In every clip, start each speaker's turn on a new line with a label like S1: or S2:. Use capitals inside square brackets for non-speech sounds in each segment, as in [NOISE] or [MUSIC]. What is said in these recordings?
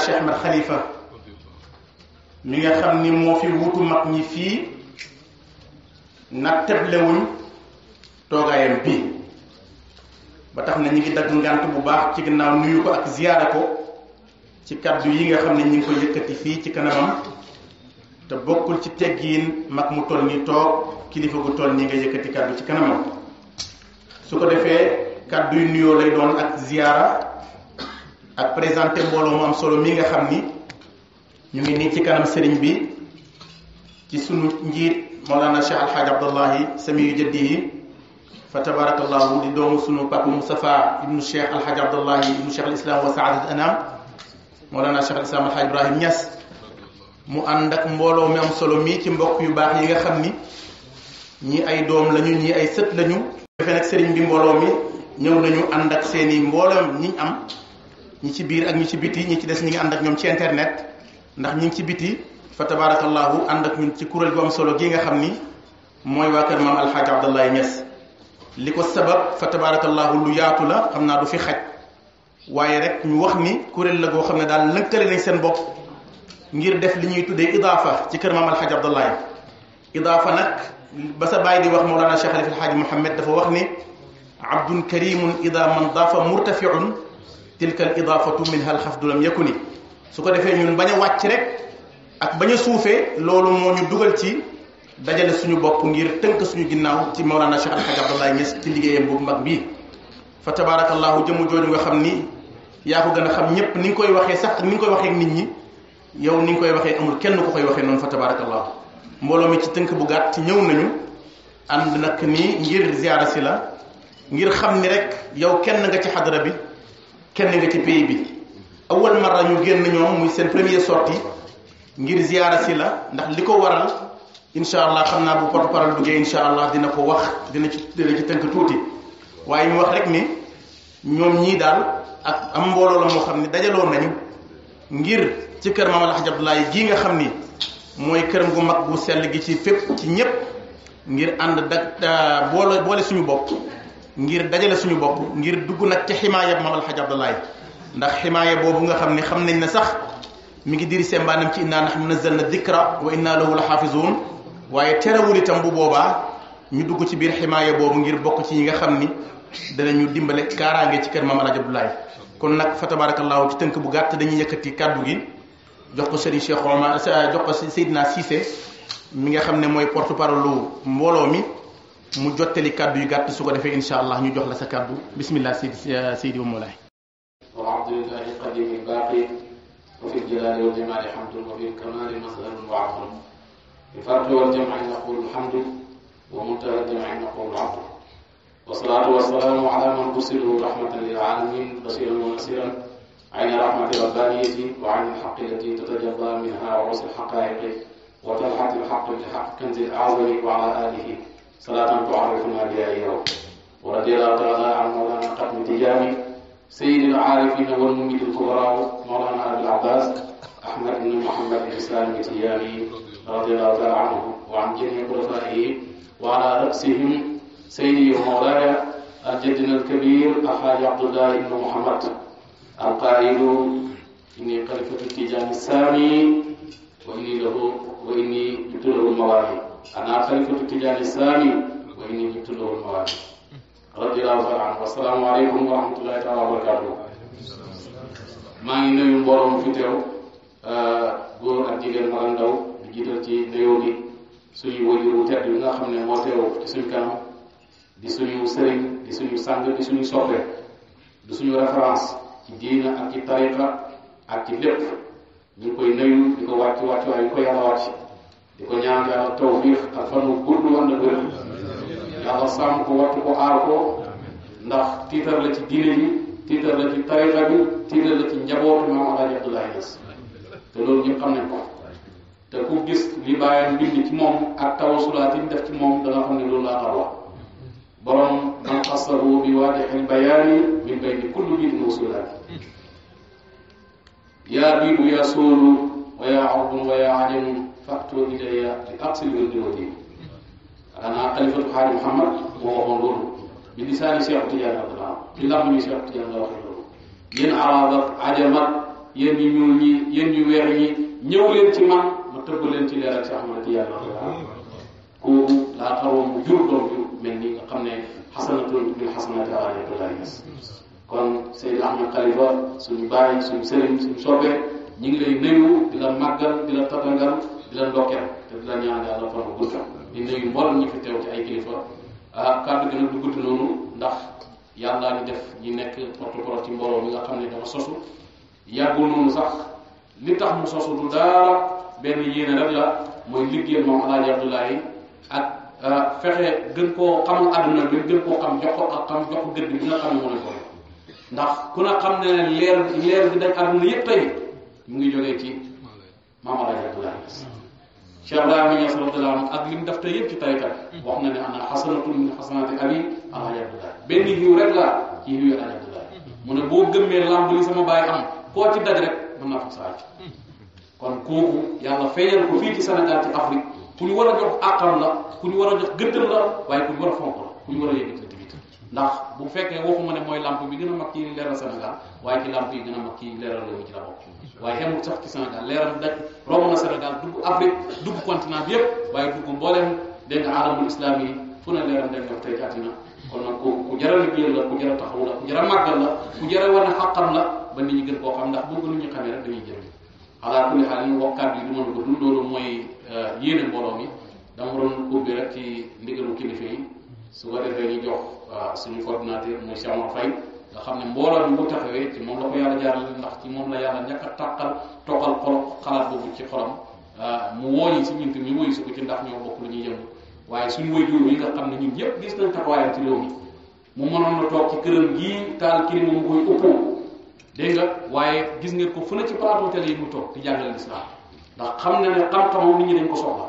S1: Maulana Cheikh xalifa mi nga xam ni moo fi wutu mag ñi fii nag teblewuñ toogaayam bi ba tax na ñu ngi dagg ngant bu baax ci ginnaaw nuyu ko ak ziyaara ko ci kàddu yi nga xam ne ñu ngi ko fii ci kanamam te bokkul ci teggiin mag mu toll ni toog kilifa gu toll nii nga yëkkati ci kanamam su ko defee kàddu yu nuyoo lay doon ak ziyaara ak présenté mbooloo mu am solo mii nga xam ni ñu ngi nii ci kanam sëriñ bi ci sunu njiit Mawlana Cheikh Alxaaj Abdullahi sami yu jëddi yi fa tabarakallahu di doomu sunu papa Moustapha ibnu Cheikh Alxaaj Abdullahi ibnu Cheikh Alislam wa Saadat Anam Mawlana Cheikh Alislam Alxaaj Ibrahim Niass mu ànd ak mbooloo mi am solo mii ci mbokk yu baax yi nga xam ni ñii ay doom lañu ñii ay sët lañu. defe nag sëriñ bi mbooloo mi ñëw nañu ànd ak seeni mbooloo ñi am. ñi ci biir ak ñi ci biti ñi ci des ñi ngi ànd ak ñoom ci internet ndax ñi ngi ci biti fa tabarakallahu ànd ak ñun ci kuréel gu am solo gi nga xam ni mooy waa kër maam alxaaji Abdoulaye Niass li ko sabab fa tabarakallahu lu yaatu la xam naa du fi xaj waaye rek ñu wax ni kuréel la goo xam ne daal lëkkale nañ seen bopp ngir def li ñuy tuddee idaafa ci kër maam alxaaji Abdoulaye idaafa nag ba sa bàyyi di wax Mawlana Cheikh Alif Alxaaji Mouhamed dafa wax ni abdun karimun ida man daafa murtafiun tilka al idaafatu minha xaf xafdu lam ni su ko defee ñun bañ a wàcc rek ak bañ a suufee loolu moo ñu dugal ci dajale suñu bopp ngir tënk suñu ginnaaw ci moo Mawlana Cheikh Al Hadj Abdoulaye Niass ci liggéeyam bu mag bii fa tabarakallahu jëmm jooju nga xam ni yaa ko gën a xam ñépp ni nga koy waxee sax ni nga koy waxee nit ñi yow ni nga koy waxee amul kenn ku koy waxee noonu fa tabarakallahu mbooloo mi ci tënk bu gàtt ci ñëw nañu ànd nag nii ngir ziyaara si la ngir xam ni rek yow kenn nga ci xadara bi kenn nga ci pays bi awal mara ñu génn ñoom muy seen première sortie ngir ziyaara si la ndax li ko waral incha allah xam naa bu porte parole duggee incha allah dina ko wax dina ci dina ci tënk tuuti waaye mu wax rek ni ñoom ñii daal ak am mbooloo la moo xam ne dajaloo nañu ngir ci kër Maam Alxaji Abdoulaye gii nga xam ni mooy këram gu mag gu sell gi ci fépp ci ñépp ngir ànd da euh, boole boole suñu bopp ngir dajale suñu bopp ngir dugg nag ci ximaaya maam alxaj abdalaay ndax ximaaya boobu nga xam ni xam nañ ne sax mi ngi diri sembaanam ci innaa nahnu nazzalna dikra wa inna lahu la xaafizuun waaye terewul itam bu boobaa ñu dugg ci biir ximaaya boobu ngir bokk ci ñi nga xam ni danañu dimbale kaaraange ci kër maam alxaj abdalaay kon nag fa tabaarakallaahu ci tënk bu gàtt dañuy yëkkati kàddu gi jox ko sëriñ Cheikh Omar jox ko Seydina siise mi nga xam ne mooy porte parole mbooloo mi mu jottali kàddu yu gàtt su ko defee incha allah ñu jox la sa kàddu bismillah seydi euh, seydi wa moolaay
S2: wa abdulillahi qadimi baaqi wa fi jalaali wal jamaali hamdun wa fi kamaali masalun wa abdun bi fardi wal jamaali naqulu hamdu wa muntaha jamaali naqulu abdu wasalaatu wasalaamu ala man busiru rahmatan lil alamin basiran wa nasiran ayna rahmati rabbaniyati wa ayna alxaqi lati tatajalla minha ruus alxaqaiqi wa talxati alxaq bilxaq kanzi alazami wa ala alihi salaatan tuarifuna biha yow wa radiallahu taala an mawlana xatmi tijaani sayidil aarifina wal mumidil kubraa mawlana abil abbas ahmad ibn muhammad al islami tijaani radiallahu taala anhu wa an jami xulafaihi wa ala rasihim sayidi mawlaya aljaddina alkabir alxaaji abdullah ibn muhammad alqailu inni xalifatu tijaani saami wa inni lahu wa inni judtu lahu mawaahi ana xalifatu tijaani saani wa inni jibtu lahu lmawaadi radiallahu taala anhu assalaamu aleykum wa rahmatullahi wa barakatuhu maa ngi nuyu mbooloo mu fi teew uh, góor ak jigéen mag ak ndaw di jiital ci nuyoo gi suñu wajur wu tedd bi nga xam ne moo teew ci kanam di suñu sëriñ di suñu sang di suñu soppe di suñu référence ci diina ak ci tariqa ak ci lépp ñu koy nuyu di ko wàcc wàcc waaye ñu ko yàlla di ko ñaan yàlla tawfiix ak fan wu gudd ànd ak wér yàlla sàmm ko wattu ko ndax tiitar la ci diine ji tiitar la ci tarixa bi tiitar la ci njabootu maam Alaaji Abdoulaye Niass te loolu ñëpp xam nañ ko te ku gis li ci moom ak tawasulaat yi ñu def ci moom danga xam ne loolu laa borom man xasaru bi waadixil bayaani min bayni kulli biitin wasulaat yaa biidu yaa sóolu wa yaa awdun wa yaa ajamun fàttali tey ci àggsi bi nga jëloon fii xanaa xalifatu xaali Muhammad moo waxoon loolu bi lisaani Cheikh Tidiane Abdoulaye ci làmb mi Cheikh Tidiane la waxee loolu yéen araabat ajamat yéen ñu ñuul ñi yéen ñu weex ñi ñëw leen ci man ma tëbb leen ci leer ak Cheikh Ahmad Tidiane Abdoulaye kooku laa taroon mu jur doom jur mel ni nga xam ne xasanatun bil xasanati alaayatullahi yes kon Seydou Ahmed Khalifa suñu bàyyi suñu sëriñ suñu soppe ñu ngi lay nuyu di la màggal di la tatagal di la ndokkeel te di la ñaan yàlla fan bu gudd di nuyu mboolem ñi fi teew ci ay kilifa ah kàddu gi nag du noonu ndax yàlla di def ñi nekk porte ci mbooloo mi nga xam ne dama sosu yàggul noonu sax li tax mu sosu du dara benn yéene rek la mooy liggéeyal moom alaaji Abdoulaye ak ah, fexe gën koo xamal àdduna bi gën koo xam jox ko ak xam nga xam ne moo ko ndax ku na xam ne leer leer bi dañ àdduna yépp tey mu ngi jógee ci maam alaaji Abdoulaye Cheikh Ibrahima Niass radiyallahu anhu ak lim def tey yëpp ci tariqa wax na ne ana xasanatun min xasanaati abi Alaaji Abdoulaye benn yiw rek laa ci yiw Alaaji Abdoulaye mu ne boo gëmmee lamb li sama baay am koo ci daj rek mën naa fa saa kon kooku yàlla feeñal ko fii ci Sénégal ci Afrique ku ñu war a jox àqam la ku ñu war a jox gëddam la waaye ku ñu war a fonk la ku a yëg ndax bu fekkee waxuma ne mooy lamp bi gën a mag kii leeral Sénégal waaye ci lamp yi gën a mag kii leeral réew mi ci la bokk waaye xemul sax ci Sénégal leeral daj romb na Sénégal dugg Afrique bi yëpp waaye dugg mbooleem dégg nga alamul islam yi fu ne leeral dem a liggéeyal la ku jar a taxaw ku jar a màggal la ku jar a wane ba nit ñi gën koo xam ndax bëgg nit ñi xamee rek dañuy jëriñ xalaa kulli xaal ñu wokkaat yi du mën ko dund loolu mooy euh, yéene mbooloo mi dama ci ndigalu kilifa yi su ko defee ñu jox ah, suñu coordinateur muy Cheikh Omar Faye nga xam ne mbooloo mi bu taxawee ci moom la ko yàlla jaarale ndax ci moom la yàlla ñàkk a tàqal toqal xol xalaat ci xolam ah, mu wooñi si ñu woyu si ko ci ndax ñoo bokk lu ñu yëngu waaye suñu waajur yi nga xam ne ñu yépp gis nañ taxawaayam ci réew mi mu mënoon na toog ci këram gii taal kii moom koy ëppoo dégg nga waaye gis ngeen ko fu ne ci plateau télé yi mu toog di jàngale lislaam ndax xam na ne xam-xamam nit ñi dañ ko soxla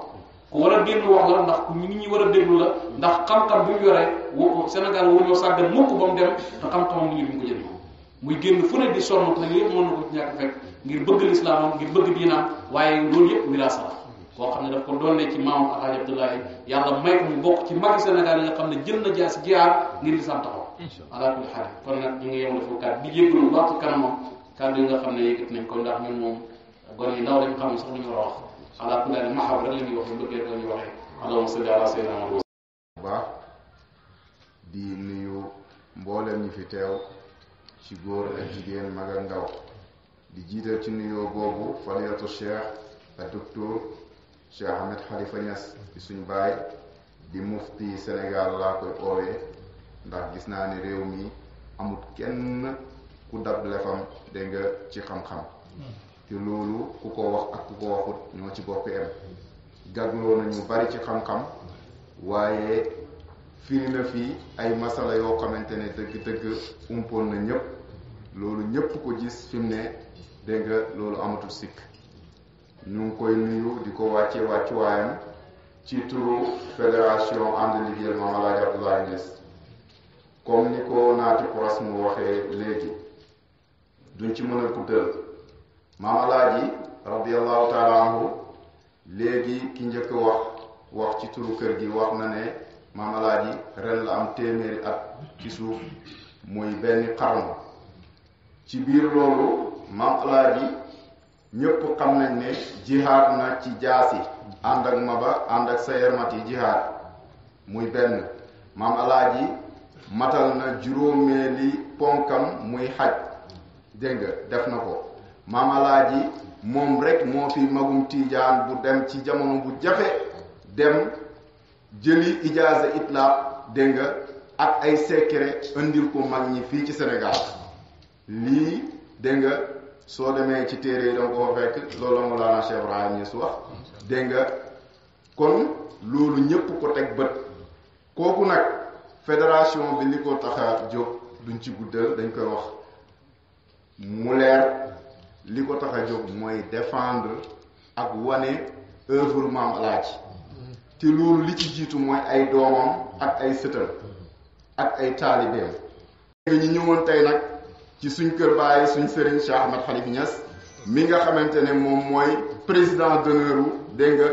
S2: ku war a déglu wax la ndax nit ñi war a déglu la ndax xam-xam bu ñu yoree woo senegal woo ñoo sàggan mukk ba mu dem te xam-xamam muy génn fu ne di sonn te yëpp mën na ko ñàkk fekk bëgg lislaamam ngir waaye loolu yëpp wilaasa xam ne daf ko doonee ci maamam Alaaji Abdoulaye yàlla may ko mu bokk ci magi senegal yi nga xam ne jël na jaas jaar ngir lislaam taxaw ala kulli xaal kon nag ñu ngi yem dafa kat yi nga xam ne yëkkati nañ ko ndax ñun moom gone yi ndaw lañ xam ne sax ñu war a wax ala kulli haal maxaw rek la ñuy wax bu
S3: baax di nuyu mboolem ñi fi teew ci góor ak jigéen mag ndaw di jiital ci nuyoo boobu fadilatu cheikh ak docteur Cheikh Ahmed Khalifa Niass di suñu baay di mufti Sénégal laa koy oowee ndax gis naa ne réew mi amut kenn ku dab lefam dégg ci xam-xam loolu ku ko wax ak ku ko waxut ñoo ci bokk em gagloo nañu bari ci xam-xam waaye firi na fii ay masala yoo xamante ne dëgg-dëgg umpoon na ñëpp loolu ñëpp ko gis fi ne dégg loolu amatul sikk ñu ngi koy nuyu di ko wàcce wàccuwaayam ci turu fédération ànd liggéeyal Mame El Hadji Abdoulaye Niass comme ni ko naati poros mu waxee léegi duñ ci mën a maam alaaji radiallahu taala léegi ki njëkk wax wax ci turu kër gi wax na ne maam alaaji ren la am téeméeri at ci suuf muy benn xarnu ci biir loolu maam ñépp xam nañ ne jihaad na ci jaasi ànd ak maba ànd ak sayermat yi jihaad muy benn maam matal na juróomeeli ponkam muy xaj dégg def na ko maamalaaji moom rek moo fi magum tiijaan bu dem ci jamono bu jafe dem jëli ijaaza itlaaq dégg nga ak ay secret indil ko mag ñi fii ci senegaal lii dégg nga soo demee ci téere yi danga ko fekk loolu mu laana Cheikh Ibrahim Niass wax dégg nga kon loolu ñépp ko teg bët kooku nag fédération bi li ko tax a jóg duñ ci guddal dañ koy wax mu leer li ko tax a jóg mooy défendre ak wane œuvre maam ci te loolu li ci jiitu mooy ay doomam ak ay sëtal ak ay taalibeem léegi ñu ñëwoon tey nag ci suñ kër bàyyi suñ sëriñ Cheikh Ahmed Khalif Niass mi nga xamante ne moom mooy président d'honneur u dégg nga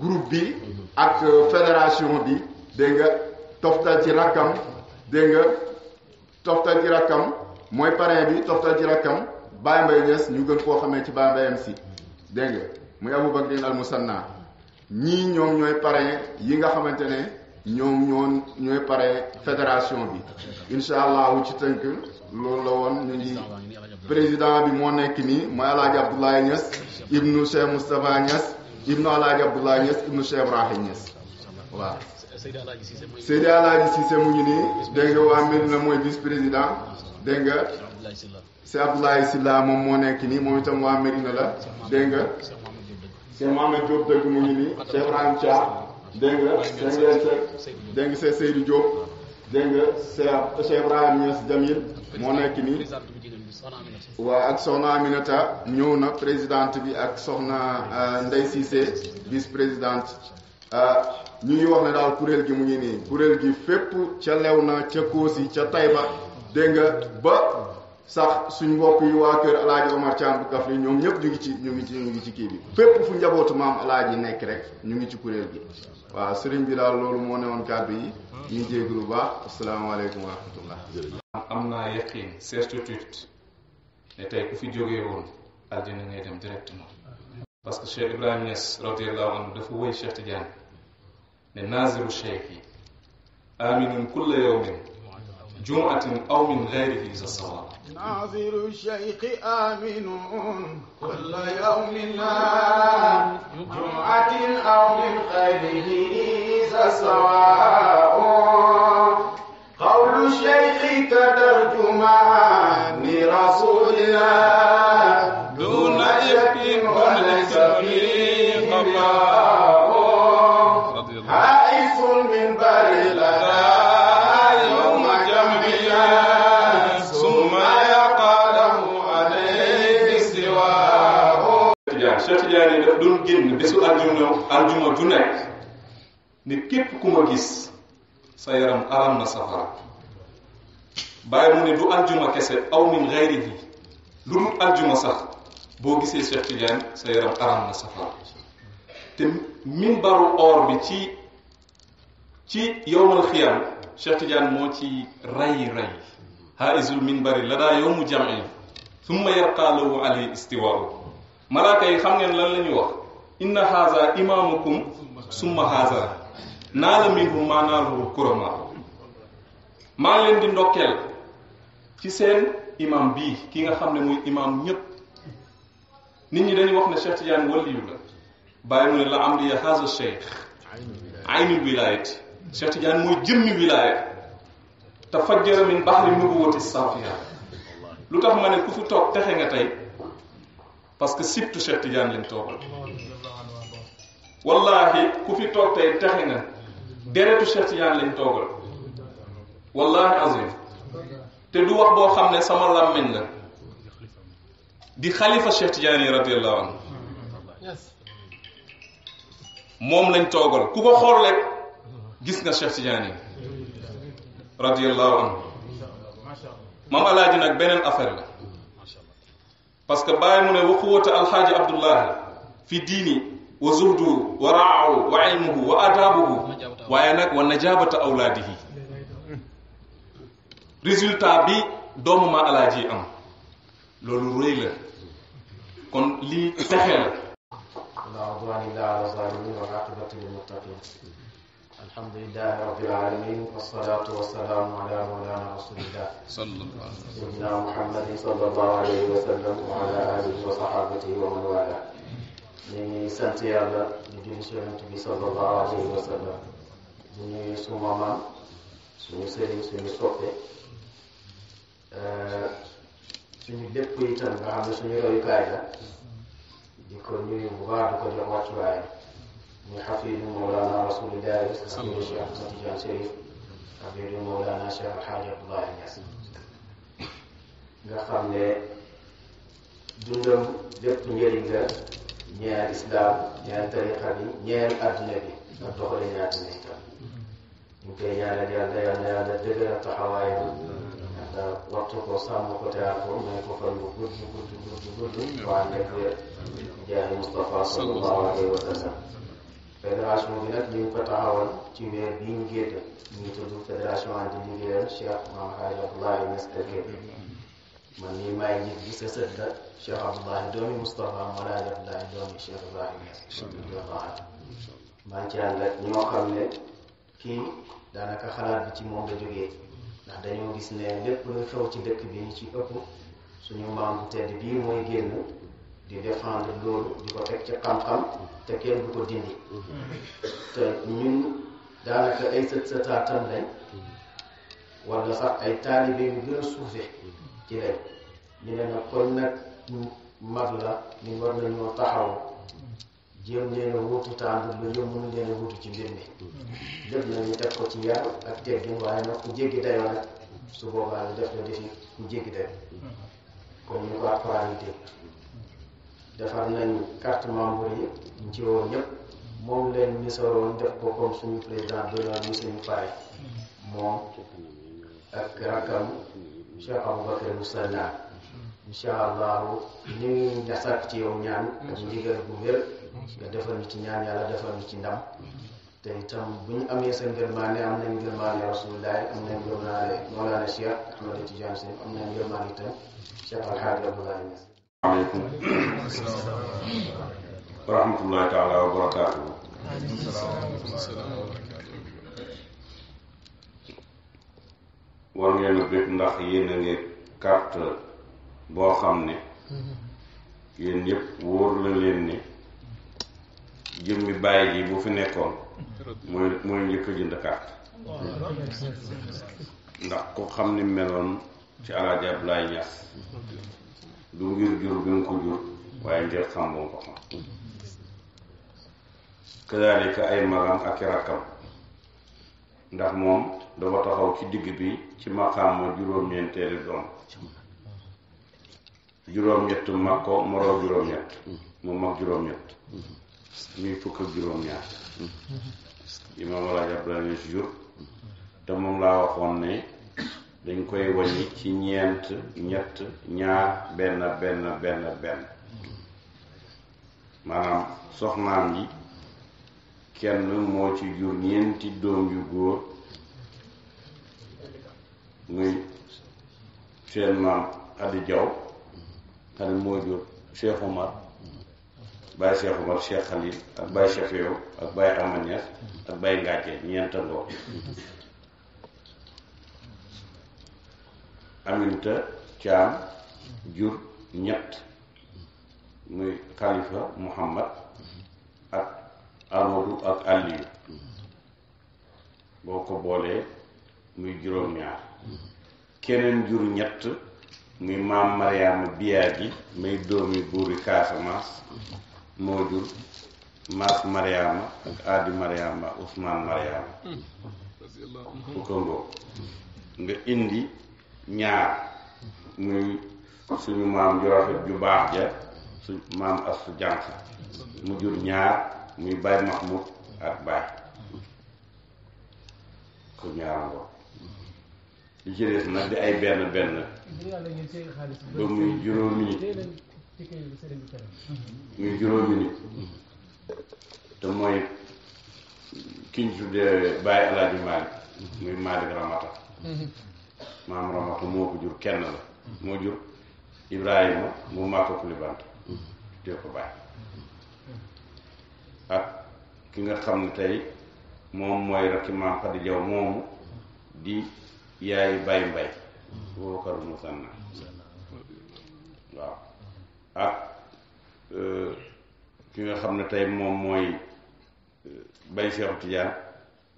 S3: groupe bi ak fédération bi dégg nga toftal ci rakkam dégg nga toftal ci rakkam mooy parrain bi toftal ci rakkam Baye Mbaye Niass ñu gën koo xamee ci Baye Mbayam si dégg nga muy Aboubacrine al Musanna ñii ñoom ñooy parrain yi nga xamante ne ñoom ñoo ñooy parrain fédération bi incha allahu ci tënk loolu la woon ñu ngi président bi moo nekk nii mooy alaaji Abdoulaye Niass ibnu Cheikh Moustapha Niass ibnu alaaji Abdoulaye Niass ibnu Cheikh Ibrahim Niass waaw Seydi Alaaji Cissé mu ngi nii dégg nga waa Medina mooy vice président dégg si Abdoulaye Sylla moom moo nekk nii moom itam waa Mérina la dégg nga Cheikh Mohamed Diop mu ngi nii Cheikh Ibrahim Dia dégg nga dégg nga dégg nga Seydou Diop dégg nga Cheikh Cheikh Ibrahim Niass Jamil moo nekk nii waaw ak soxna Aminata ñëw na président bi ak soxna euh, Ndeye Cissé vice présidente euh, ñu ngi wax ne daal kuréel gi mu ngi nii kuréel gi fépp ca na ca Koosi ca Taïba dégg nga ba sax suñ mbokk yi waa kër alaaji Omar Thiam bu Kaffrine ñoom ñëpp ñu ngi ci ñu ngi ci ngi ci kii bi fépp fu njabootu maam alaaji nekk rek ñu ngi ci kuréel bi waa sëriñ bi daal loolu moo newoon kàddu yi hmm. ñu jégg lu baax asalaamaaleykum wa rahmatullah
S4: am naa yaqin certitude ne fi jógee woon aljana parce que Cheikh Ibrahima Niass radiallahu anhu dafa wëy Cheikh Tidiane ne naziru جمعة أو من غيره إذا سواء
S5: ناظر الشيخ آمن
S3: كل يوم ما جمعة أو من غيره إذا سواء قول الشيخ كترجمان رسول الله دون يقين وليس
S4: فيه قفاء doon génn bésu aljuma aljuma ju ne képp ku ma sa yaram aram na safara bàyyi mu ne du aljuma kese aw min gayrihi lu dul aljuma sax boo gisee Cheikh Tidiane sa yaram aram na safara te mimbaru or bi ci ci yowmal xiyam Cheikh Tidiane moo ci ray ray haisul minbari la daa yowmu jam'i thumma yarqaa lahu alayhi istiwaa'u malaaka yi xam ngeen lan la ñuy wax inna haza imaamukum summa haza naala minhu maa naalahu kurama maa leen di ndokkeel ci seen imam bii ki nga xam ne muy imam ñépp nit ñi dañuy wax ne Cheikh Tidiane waliyu la bàyyi mu ne la am di ya haza cheikh aynul wilayati Cheikh Tidiane mooy jëmmi wilaaya te fajjara min bahri nubuwati safiya lu tax ma ne ku fi toog texe nga tey parce que surtout Cheikh Tidiane lañ toogal wallahi ku fi toog tey taxi nga deretu Cheikh Tidiane lañ toogal wallahi azim te du wax boo xam ne sama làmmiñ la di xalifa Cheikh Tidiane yi radiyallahu moom lañ toogal ku ko xool rek gis nga Cheikh Tidiane yi radiyallahu anhu maam alaaji nag beneen affaire la parce que bàyyi mu ne wa alxaaji abdullahi fi diini wa zuhdu wa raahu wa ilmuhu wa adaabuhu waaye nag wa najaabata awlaadihi bi doomu ma alaaji am loolu rëy
S6: kon lii texe alhamdulilahi rabbil alamin wassalatu wassalaamu ala mawlana rasulillah sayyidina muhammadin sallallahu alayhi wa sallam wa ala alihi wa sahabatihi wa man wala ñu ngi sant yàlla di julli ci yonent bi sallallahu alayhi wa sallam di nuyu suma maam suñu sëriñ suñu soppe euh, suñu lépp itam nga xam ne suñu royukaay la di ko nuyu bu baax di ko jox wàccuwaayam muy xafidu Mawlana Rasulullahi xafidu Cheikh Ahmad Tidiane Chérif xafidu Mawlana Cheikh Alhaji Abdoulaye Niass nga xam ne dundam lépp njëriñ la ñeel islam ñeel tariqa bi ñeel adduna bi ak doxali ñaar dina itam ñu ngi koy ñaanal yàlla yàlla yàlla dëgëral taxawaayam yàlla waxtu ko sàmm ko teewaat ko may ko fan bu gudd gudd gudd gudd waa nekk jaay Mustafa sallallahu alayhi wa sallam fédération bi nag ñu ngi ko taxawal ci weer bii ñu génn ñu ngi tudd fédération àndi liggéeyal Cheikh Maam Haaji Abdoulaye Niass Dëkke man nii maay njiit bi sa sët la Cheikh Abdoulaye doomi Moustapha moo laaj Abdoulaye doomi Cheikh Ibrahim Niass radiyallaahu anhu maa ngi ci ànd ak ñoo xam ne kii daanaka xalaat bi ci moom la jógee ndax dañoo gis ne lépp lu xew ci dëkk bi ñu ci ëpp suñu maam bu tedd bii mooy génn di défendre loolu di ko teg ci xam-xam te kenn du ko dindi te ñun daanaka ay sët sëtaatam lañ wala sax ay taalibe yu gën a suufe ci lañ ñu ne nag kon nag mag la ñu war nañoo taxaw jéem leen a wutu tàndu lu ñu mun leen wutu ci mbir mi lépp nañu teg ko ci yar ak teggin waaye nag ku jéggi dayoo nag su boobaa ñu def la defi ku jéggi dayoo comme ñu ko ak defar nañu carte membre yi ñu ci moom leen misoroon def ko comme suñu président Bernard Moussa Faye moom ak rakkam Cheikh Aboubacar Moussana incha allahu ñu ngi ci yow ñaan ak ndigal bu wér nga defal ñu ci ñaan yàlla defal ñu ci ndam te itam bu ñu amee sa ngërmaane am nañ ngërmaane rasulullah am nañ ngërmaane Mawlana Cheikh Ahmad Tidiane Sy am nañ
S7: aleykum
S5: wa rahmatullahi taala wa war ngeen bëgg ndax yéen ngi carte boo xam ne yéen ñëpp wóor la leen ni jëmmi bàyyi ji bu fi nekkoon mooy mooy njëkk jënd carte ndax ko xam ni meloon ci alaaji Abdoulaye Niass du ngir jur bi nga ko jur waaye ngir xam bu ko xam kadaalika ay magam ak i rakkam ndax moom dafa taxaw ci digg bi ci maqaama juróom-ñeenteeli doom juróom-ñett mag ko moroo juróom-ñett mu mag juróom-ñett muy fukk ak juróom-ñaar imaam Alaaji Abdoulaye Niass jur te moom laa waxoon ne dañ koy wàññi ci ñeent ñett ñaar benn benn benn benn maanaam soxnaam yi kenn moo ci jur ñeenti doom yu góor muy seen maam Adi Jaw xam ne moo jur Cheikh Omar Baye Cheikh Omar ak Baye Cheikh Yow ak Baye Amañas ak Baye Ngàcce ñeent ngoo aminta caam jur ñett muy xalifa muhammad ak amadou ak aliyu boo ko boolee muy juróom-ñaar keneen jur ñett muy maam mariama biyaa ji may doomi buuri Casamance moo jur maas mariama ak aadi mariama usmaan mariama fukkangoo hmm. nga indi ñaar muy suñu maam ju rafet baax ja suñ maam astu jànq mu jur ñaar muy Baye Mahmoud ak Baye ku ñaar ngoog li ci di ay benn benn
S2: ba muy juróomi nit
S5: muy juróomi nit te mooy kiñ tuddee Baye El Hadj Malick muy Malick Ramata maam ramatu moo ko jur kenn la moo jur ibrahima mu màkko kulibant dee ko bàyyi ak ki nga xam ne tey moom mooy rakki maam xadi jaw moomu bay mbay e, moom mooy e, bay seexu tijaan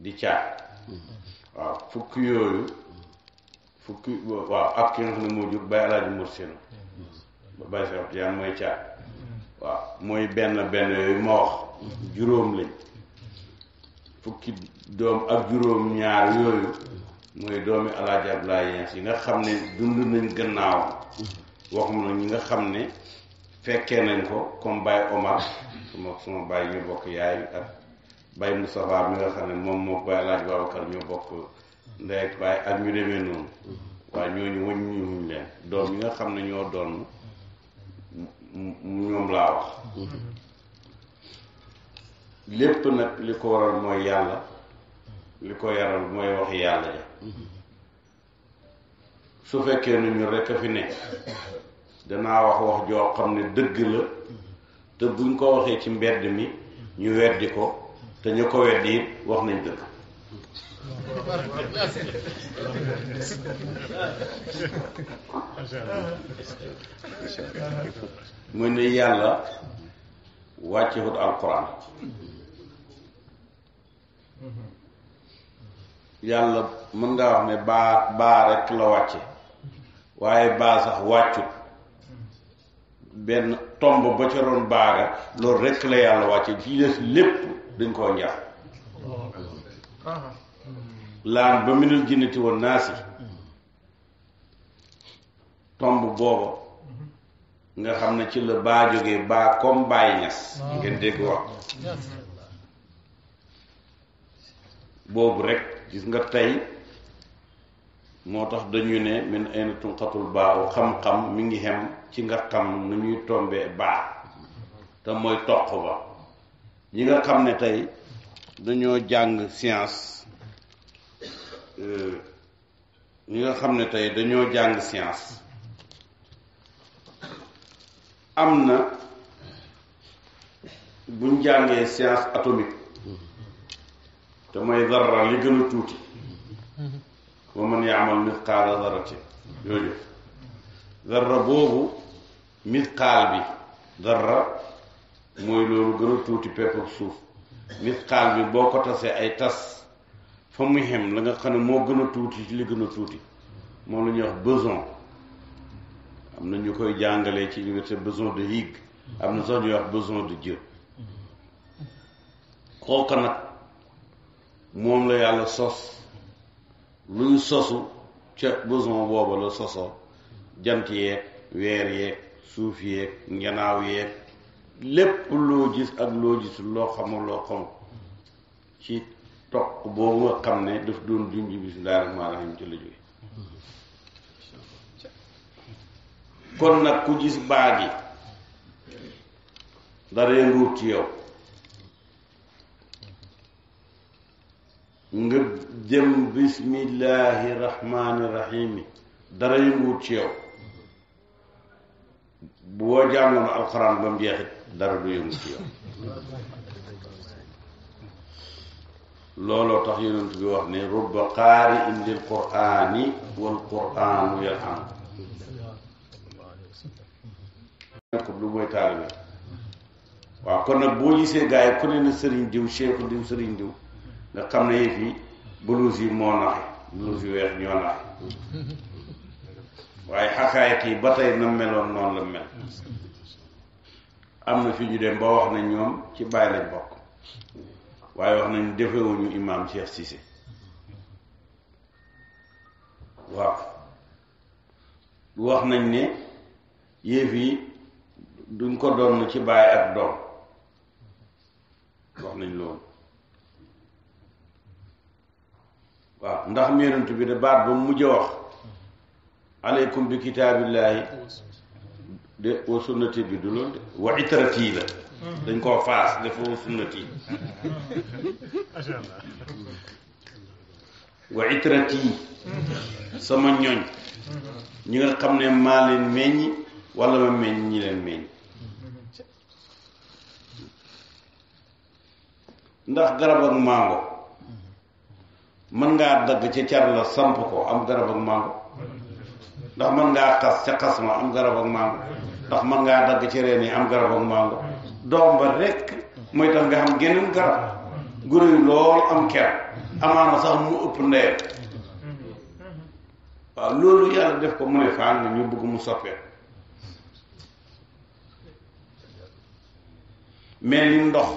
S5: di caat waaw fukk yooyu fukki waaw ak ki nga xam ne moo jur Baye Alaaji Mor Seen ba mm-hmm. Baye Seex Tijaan mooy caat waaw mooy benn benn yooyu ma wax mm-hmm. juróom lañ mm-hmm. fukki doom ak juróom ñaar yooyu mooy doomi Alaaji Ablaay Ñas yi nga xam ne dund nañ gannaaw waxuma ñi nga xam ne fekkee nañ ko comme Baye Omar suma suma Baye ñu bokk yaay ak Baye Moustapha mi nga xam ne moom moo Baye Alaaji Babacar ñoo bokk ndey ak baay ak ñu demee noonu waaye ñooñu wëññuñ leen doom yi nga xam ne ñoo doon ñoom laa wax lépp nag li ko waral mooy yàlla li ko yaral mooy wax yàlla ja su fekkee nu ñu rekk a fi nekk danaa wax wax joo xam ne dëgg la te buñ ko waxee ci mbedd mi ñu weddi ko te ñu ko weddi it wax nañ dëgg mu ne yàlla wàccewut alquran yàlla mën ngaa wax ne baa baa rekk la wàcce waaye baa sax wàccut benn tomb ba ca roon baaga loolu rekk la yàlla wàcce ci lépp dañ koo njax laan ba minul jinnati woon naasi tomb booba nga xam ne ci la baa jógee baa comme bàyyi ñas ngeen dégg wax boobu rek gis nga tey moo tax dañu ne min ayna tunqatul baaw xam-xam mi ngi xem ci nga xam nu ñuy tombee baa te mooy toq ba ñi nga xam ne tey dañoo jàng science Euh, ñi nga xam ne tey dañoo jàng science am na buñ jàngee science atomique te mooy li gën tuuti wa man yaamal misqaala darratin yooyu darra boobu misqaal bi darra mooy loolu gën a tuuti pepp suuf misqaal bi boo ko tasee ay tas fa muy xem la nga xam ne moo gën a tuuti ci li gën a tuuti moom la ñuy wax besoin am na ñu koy jàngalee ci université besoin de higue am na sax ñuy wax besoin de Dieu kooka nag moom la yàlla sos luy sosu ca besoin booba la sosoo jant yeeg weer yeeg suuf yeeg njanaaw yeeg lépp loo gis ak loo gisul loo xamul loo xam ci toq boobu nga xam ne daf doon junj bismillaahi rahmaani rahiim ci la jóge kon nag ku gis baag yi dara yënguwut ci yow nga jëm bismillaahi rahmaani rahiim dara yënguwut ci yow boo jàngoon alxuraan ba mu jeexit dara du yëngu ci yow looloo tax yonent bi wax ne rubba qaari in lil qur'aani wal qur'aanu yal'an nekkul lu mooy taalibe waaw kon nag boo gisee gars yi ku ne na sëriñ diw cheikhu diw sëriñ diw nga xam ne yëf yi blouse yi moo naxe blouse yu weex ñoo naxe waaye xaqaayiq yi ba tey na meloon noonu la mel am na fi ñu dem ba wax ne ñoom ci bàyyi lañ bokk waaye wax nañ defewuñu imaam Cheikh Cissé waaw wax nañ ne yëf yi duñ ko doon ci baay ak doom wax nañ loolu waaw ndax meerant bi de baat ba mu mujj wax aleykum bi kitaabillaahi de wa sunnati bi du loolu de wa la dañ koo faas def wa sunnati wa itrati sama ñooñ ñi nga xam ne maa leen meññ wala ma meññ ñi leen meññ ndax garab ak mango mën ngaa dagg ca car la samp ko am garab ak mango ndax mën ngaa xas ca xas ma am garab ak mango ndax mën ngaa dagg ci reen am garab ak mango doom ba rek mooy tax nga xam geneen garab gure yu lool am ker amaana sax mu ëpp ndeyam waaw loolu yàlla def ko mu ne faa ñu bëgg mu soppee mel ni ndox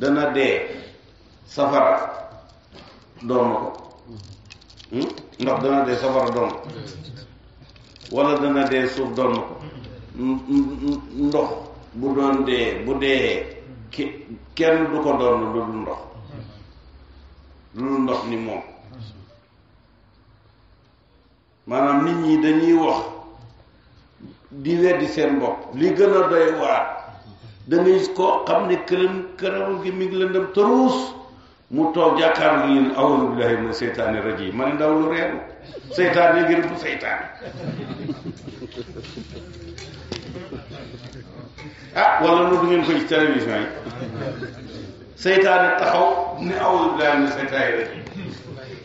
S5: dana dee safara dooma ko hmm? ndox dana dee safara dooma wala dana dee suuf doon ko ndox bu doon dee bu dee kenn du ko doon lu dul ndox lu dul ndox ni moom maanaam nit ñi dañuy wax di weddi seen bopp li gën a doy waar da ngay ko xam ne këram këram gi mi ngi lëndëm tëruus mu toog jàkkaarloo ñu ne awuzu billahi mina seytaani rajim ma ne ndaw lu reeru seytaan yi ngir bu seytaan ah wala loolu ngeen koy ci télévision yi seytaane taxaw ne awuzu billahi mina seytaani rajim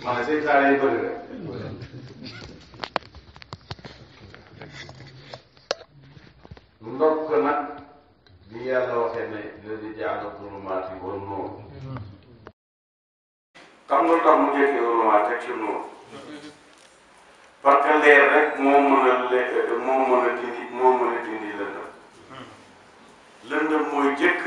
S5: ma ne seytaane yi bëri xam nga tax mu jëkkee wala teg ci noonu parce que leer rek moo mën a lekk moo jëkk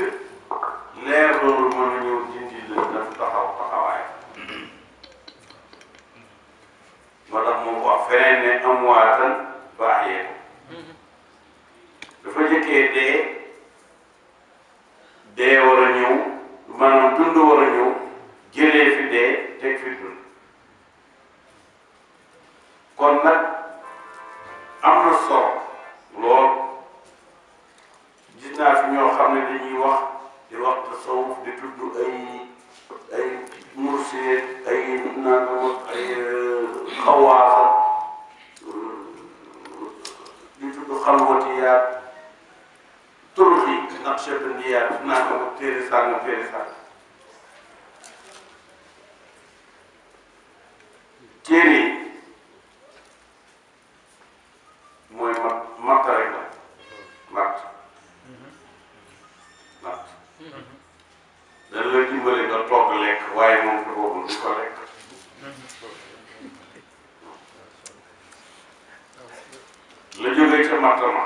S5: matam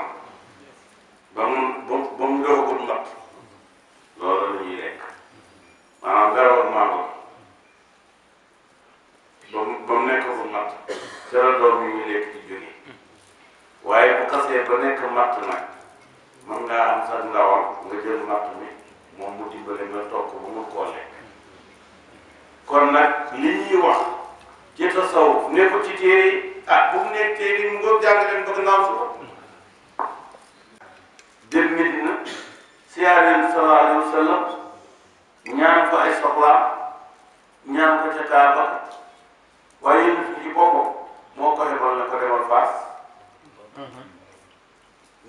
S5: Abbas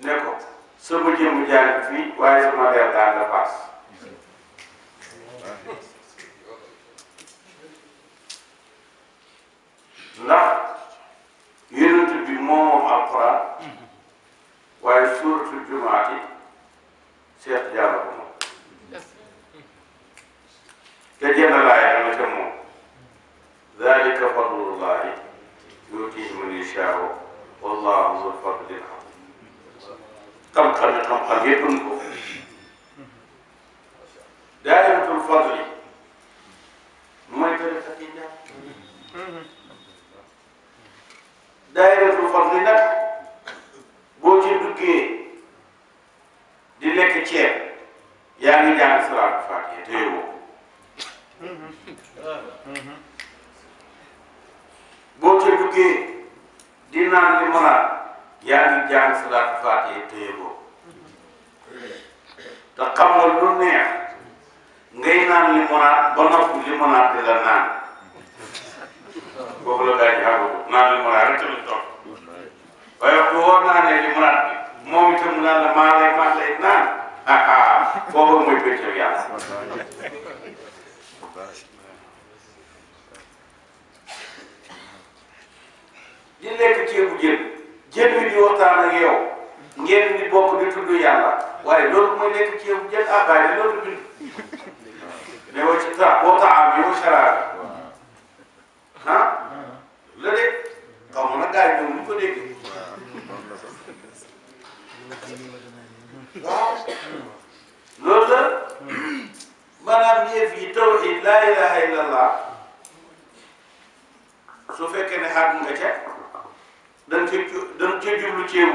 S5: ne ko sama jëmm jaar
S8: fii waaye sama leer daal la
S5: paas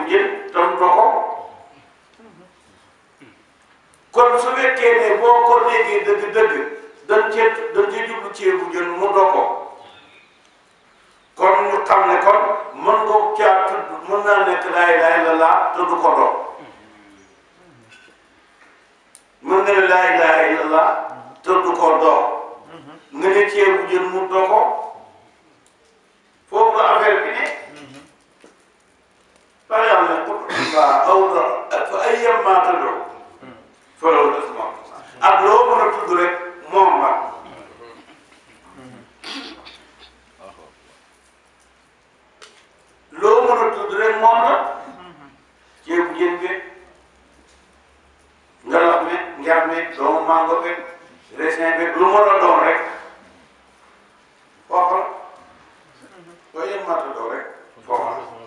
S5: jël tontu ko kon su fekkee ne boo ko déggee dëgg-dëgg dañ cee dañ cee jublu ceebu jën mu doko kon ñu xam ne kon mën nga caa tudd mën naa nekk laay laay la laa ko doon mën ne laay laay la laa ko doon nga ne ceebu jën mu doko foofu la affaire فيعني قطع أو فأيا ما تدعو فله الأسماء ak loo mën a tudd rek moom la loo mën a tudd rek moom la ceeb jën bi ngalax mi njar mi doomu mango bi raisin bi lu mën a doon rek foofa la boo yem maa tudd rek foofa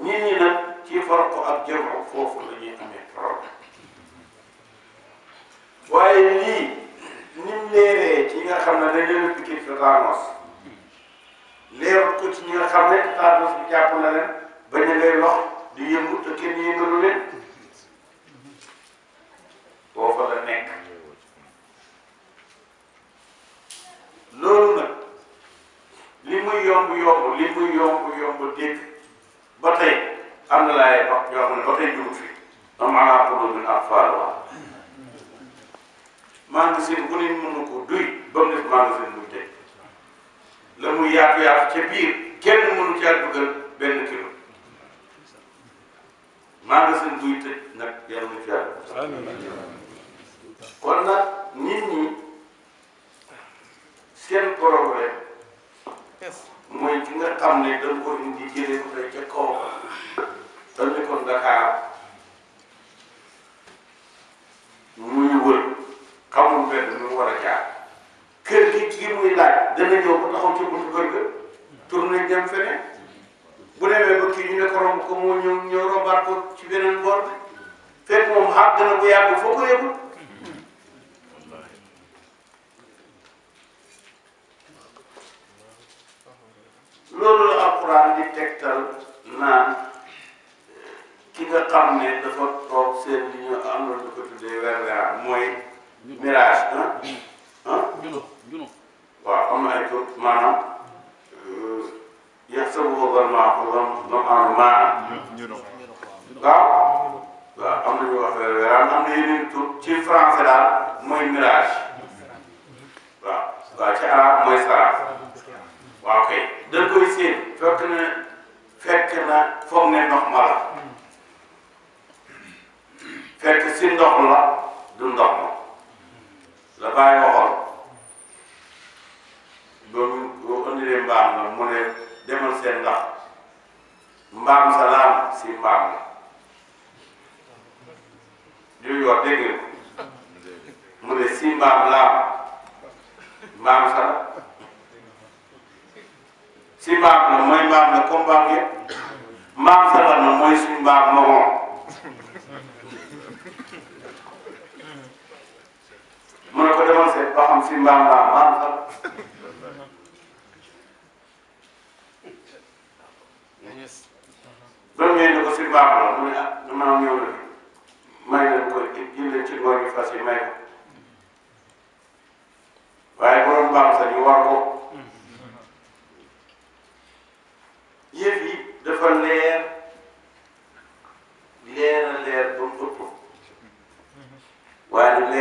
S5: ñit ñi nag ci farq ak jamu foofu la ñuy amee problème waaye lii nim leeree ci nga xam ne dañ leen a piqué tétanos leer ko ci nga xam ne tétanos bi jàpp na leen bañ a ngay lox di yëngu te kenn yëngalu leen la nekk loolu nag li muy yomb yomb li muy yomb yomb dégg ba tey am na laay wax yoo xam ne ba tey jugut fi am ala qulubin aqfaaluha magasin bu ne mën na ko duy ba mu def magasin buy teg la muy yaatu yaatu ca biir kenn mënu caa dugal benn kilo magasin buy teg nag yàlla na caa kon nag nit ñi seen mooy ki nga xam ne dañ ko indi jëlee ko fay ca kaw dañ ne ko Dakar muy wër xamul benn nu mu war a jaar kër gi kii muy laaj dana ñëw ba taxaw ci buntu kër ga tourné dem feneen bu demee ba kii ñu ne ko romb ko moo ñëw ñëw rombaat ko ci beneen bor bi fekk moom xaar dana ko yàgg foo ko yëgul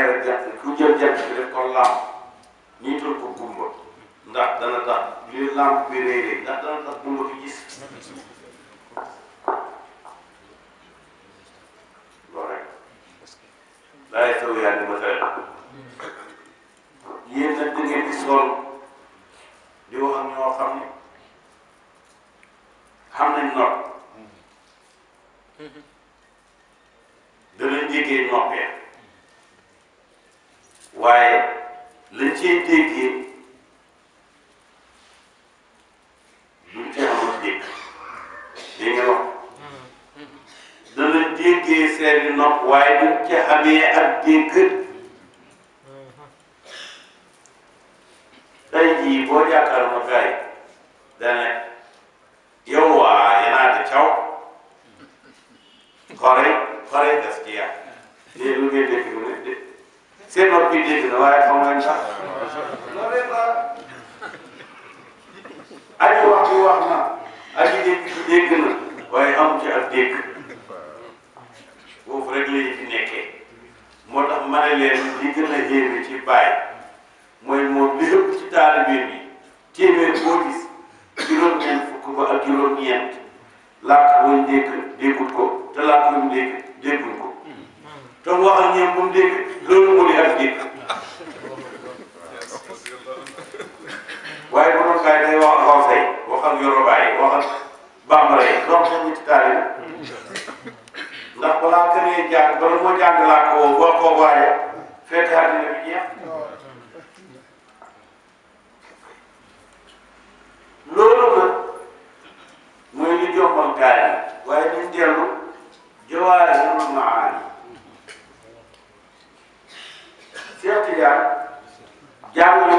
S5: leer jant ku jël jant bi def ko làmp niital ko gumba ndax dana tax li làmp bi réeree ndax dana tax ca amee ak dégg jaar jaamu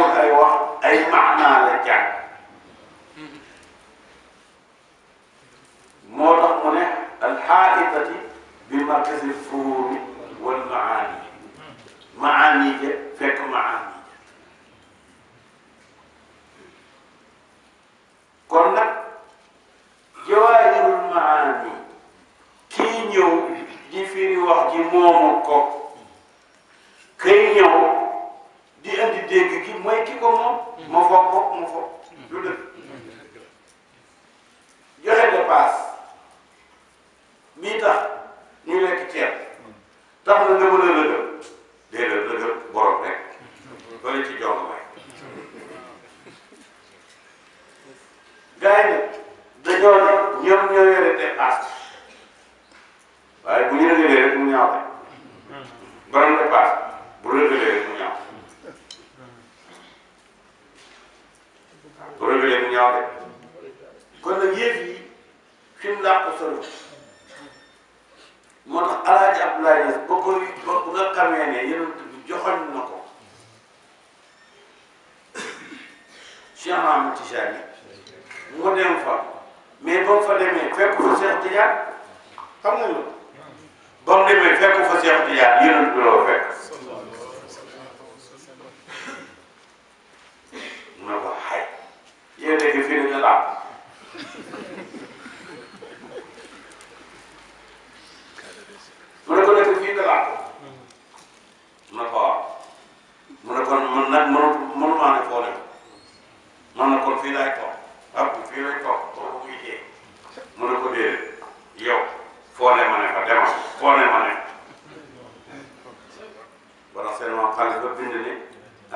S5: tax seen maam xaalis ba bind ne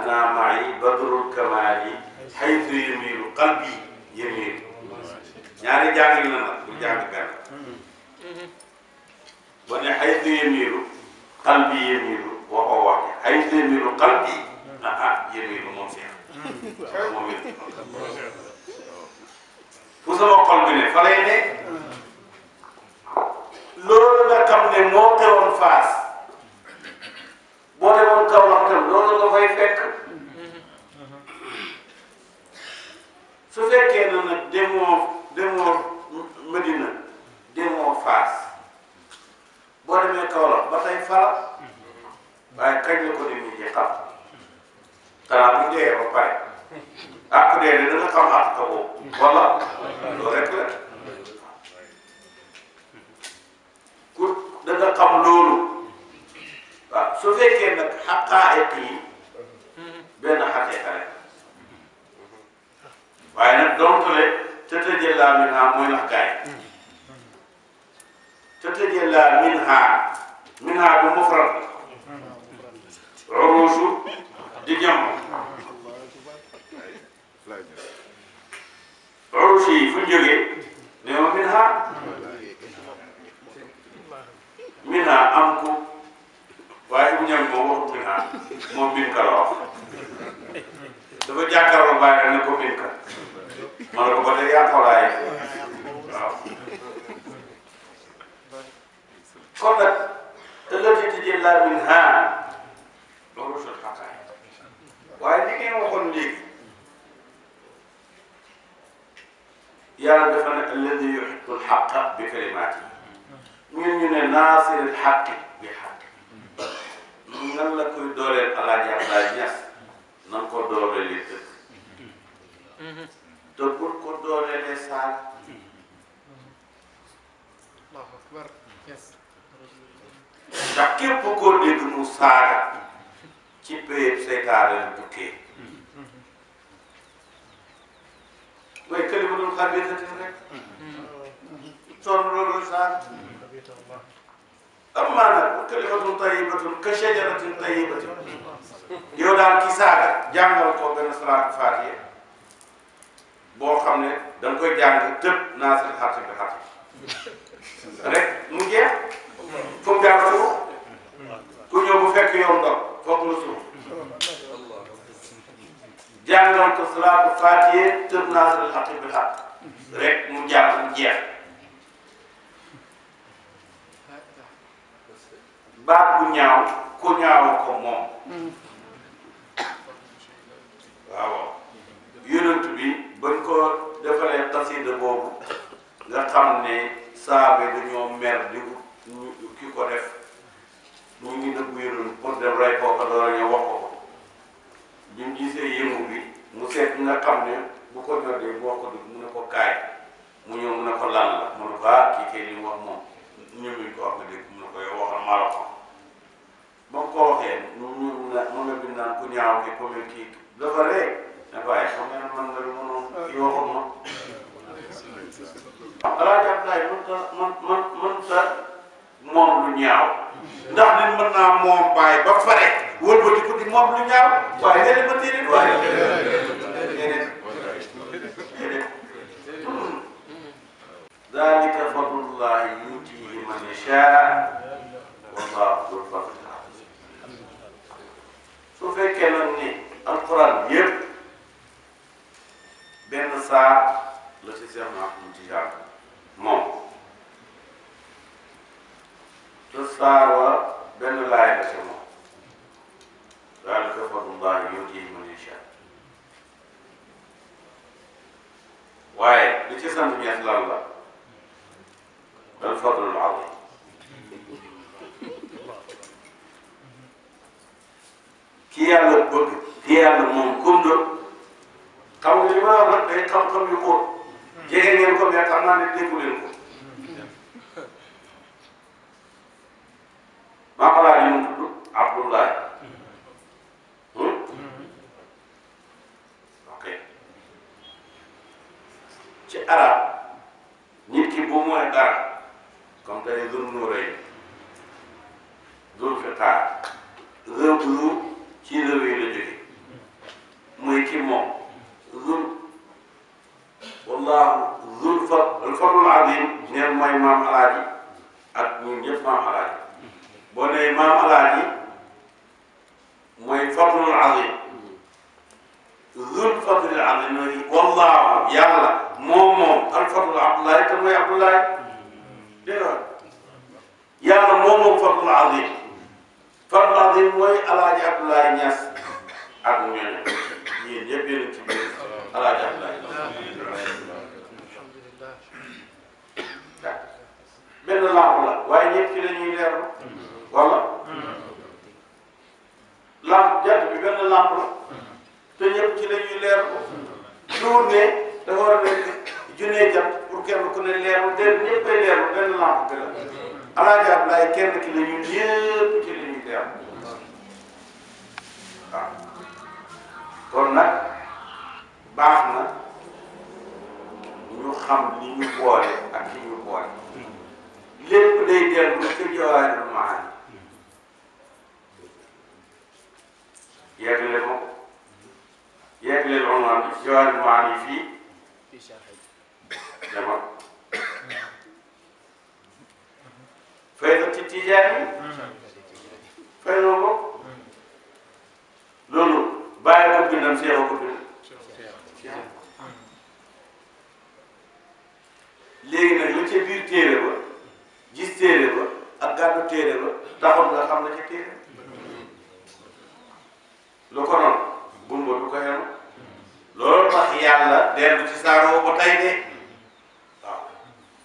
S5: ana maay badrul kamaali xaytu yemiiru qalbi yemiiru ñaari jàngi la nag bu jàng benn ba ne xaytu yemiiru qalbi yemiiru boo ko waxee xaytu yemiiru qalbi ah yemiiru moom seex hmm. moom it fu sama
S8: xol bi ne fa lay ne
S5: loolu nga xam ne moo teewoon faas boo demoon Kaolack tam loolu nga fay fekk su fekkee na nag demoo demoo Medina demoo Faas boo demee Kaolack ba tey fala waaye kañ la ko nit ñi xam xanaa bu dee ba pare ah ku dee dana xam ak kawo wala loolu rek ku danga xam loolu waaw su fekkee nag xaqaayiq yi benn xaqiiqa rek waaye nag donte te tajallaa minhaa mooy nax gaay te tajallaa minhaa minhaa du mufrad uruusu di jam uruusu yi fu jógee ne ma minhaa minhaa am ku waaye bu ñam moom waxut bi naan moom bin ka la wax dafa
S7: jàkkaarloo bàyyi na ko bin ka ma ne ko ba tey yaa xolaay waaw
S5: kon nag ëllëg ci jël laa bin haan loolu sot xaqaay waaye li ngeen waxoon léegi yàlla dafa ne alladi yuhibbul xaqa bi kalimaati yi ñun ñu ne naasiril xaqi nan la kuy dooleel alaaji Ablaay Ñas nan ko dooleelee dëkk mhm. te bul ko dooleelee saal ndax képp koo dégg mu saaga ci péyeb seytaane la dukkee
S7: mhm.
S5: mooy këlimatul xabiitatin rek mhm. son loolu saal amma nag kalimatun tayyibatun ka shajaratin tayyibatin yow daal ki saaga jàngal ko benn salaatu faatiha boo xam ne da nga koy jàng tëb naa si xarit rek mu jeex comme jàng ko ku ñëw bu fekk yoon ndox foog nga suuf ko salaatu faatiha tëb naa si xarit bi rek mu jàng mu jeex. baat bu ñaaw ku ñaaw ko moom
S7: mm. waaw yonent
S5: bi bañ ko defalee xasida boobu nga xam ne saabe dañoo mer di ki ko def ñu ngi dëgg yonent pour dem rey kooka doola ñu wax bi mu gisee yëngu bi mu seet nga xam ne bu ko ñodee boo ko dugg mu ne ko kaay mu ñëw mu ne ko lan mu ne ko ah kii kay li mu wax moom ñëmuñ ko wax nga dégg mu ne ko yow waxal maa la ko ba nga ko waxee moom ñu na moom la bind naan ku ñaaw ki comme kii dafa ree ne waaye xam nga ne man nga lu mënoo kii waxoon ma alaaji Abdoulaye man ta man man man ta moom lu ñaaw ndax nit mën naa moom bàyyi ba pare wëlbati ko di moom lu ñaaw
S7: waaye léeg-léeg ma téye waaye léeg-léeg ذلك فضل الله يؤتيه من يشاء
S5: والله ذو الفضل su fekkee nag ni alxuraan yépp benn saa la ci Seex Ahmadu Tijaan moom te saa wa benn laay la ci moom daalika fadlullaahi yu'tiihi man yashaa waaye li ci sant ñeent lan la dal fadlul azim ci yàlla bëgg ci yàlla moom gëm la xam nga li ma la wax nag day xam-xam yu xóot jege ngeen ko mais xam naa ne déggu ñu xam li ñu boole ak li ñu boole lépp day dellu ca jawaahirul maani yegle mo yegle longaan bi jawaahirul maani fii dama fay na ci tijaani fay na ko loolu bàyyi ko bindam seexu ko bindam léegi nag la ca biir téere ba gis téere ba ak gàddu téere ba taxoon nga xam ne ca téere lu ko noonu bumba du ko xenu loolu tax yàlla dellu ci saaroo ba tey de waaw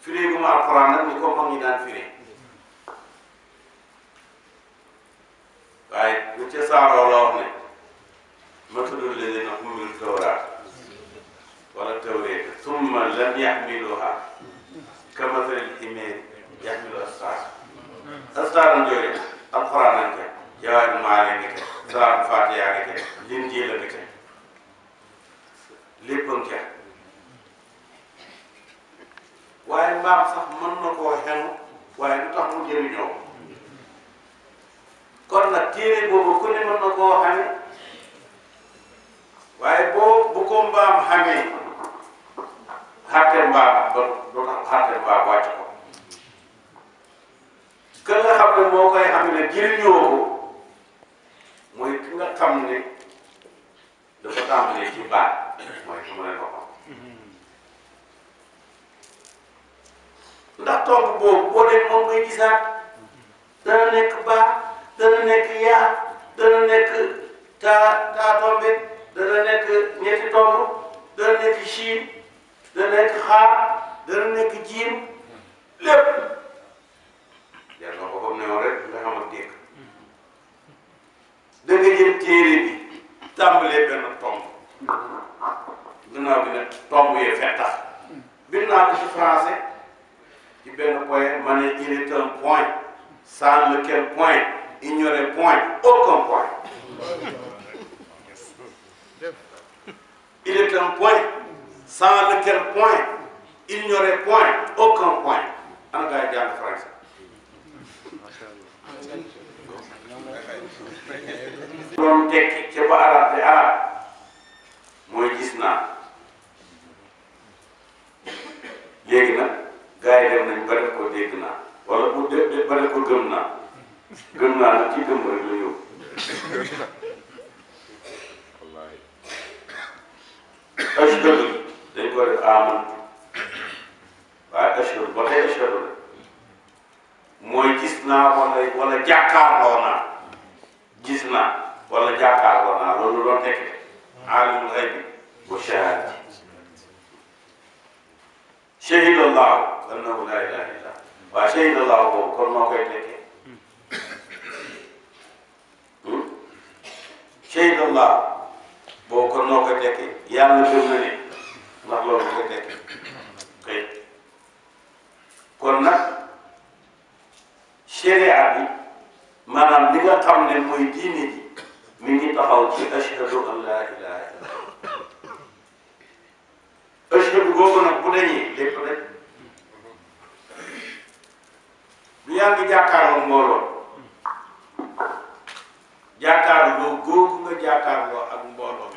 S5: firee bu ma alxuraan nag ni ko mag ñi daan firee waaye bu ca saaroo la wax ne matulul ladina humilu tawraat wala tawreeta summa lam yaxmiluha كمثل الحمير يحمل أسفار أسفارا جوري القرآن أنت جواب المعاني نك سورة الفاتحة نك الإنجيل نك léppam ca waaye mbaam sax mën na koo xenu waaye lu tax mu jëriñoo kon nag téere boobu ku ne mën na koo waaye boo bu ko mbaam xamee xaarteen mbaa ba doo tax xaarteen mbaa wàcc ko kër nga xam ne moo koy am ne jëriñoo ko mooy ki nga xam ne dafa tàmbalee ci baat mooy su ma leen
S7: waxoon ndax tomb boobu boo
S5: dee moom ngay gisaat dana nekk baa dana nekk yaa dana nekk
S8: taa taa tombe
S5: dana nekk ñetti tomb dana nekk chiin dana nekk xaar dana nekk jiin lépp jar na ko comme ne woon rek nga xam ak dégg da nga jël téere benn tomb gannaaw bi nag tomb yee fettax bind naa ko ci français ci benn point ma ne il est point sans lequel point ignorer point aucun point il est un point sans lequel point il n'y aurait point aucun point ana gaa yi jàng français doon mooy gis naa léegi nag gaa yi dem nañ ba def ko dégg naa wala bu dee ba def ko gëm naa gëm naa nag ci gëm rek la yóbbu ashhadu dañ ko def amoon waaye ashur ba tey ashur mooy gis naa wala naa gis naa wala naa loolu loo nekk aalimul xaybi wa shahaada shahida allahu annahu laa ilaaha illa waaw shahida allahu kon moo koy nekkee hmm? shahida kon moo koy nekkee yàlla gëm na ndax loolu koy tekk kay kon nag
S7: sharia bi maanaam li nga xam ne mooy diine ji mi ngi taxaw ci
S5: ashhadu an laa ilaaha illallah ashhadu googu nag bu dañee lépp rek du yaa ngi jàkkaarloo mbooloo jàkkaarloo googu nga jàkkaarloo ak mbooloo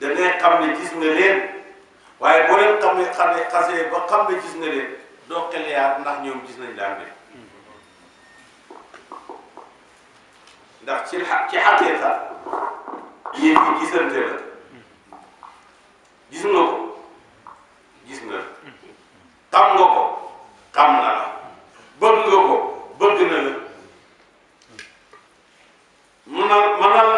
S5: dangay xam ne gis nga leen waaye boo leen xam ne xam ne xasee ba xam ne gis nga leen doo xel yaar ndax ñoom gis nañ daan leen ndax ci ci xaqiiqa yéen ñi gisante la gis nga ko gis nga xam nga ko xam na la bëgg nga ko bëgg na la mënal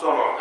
S5: solo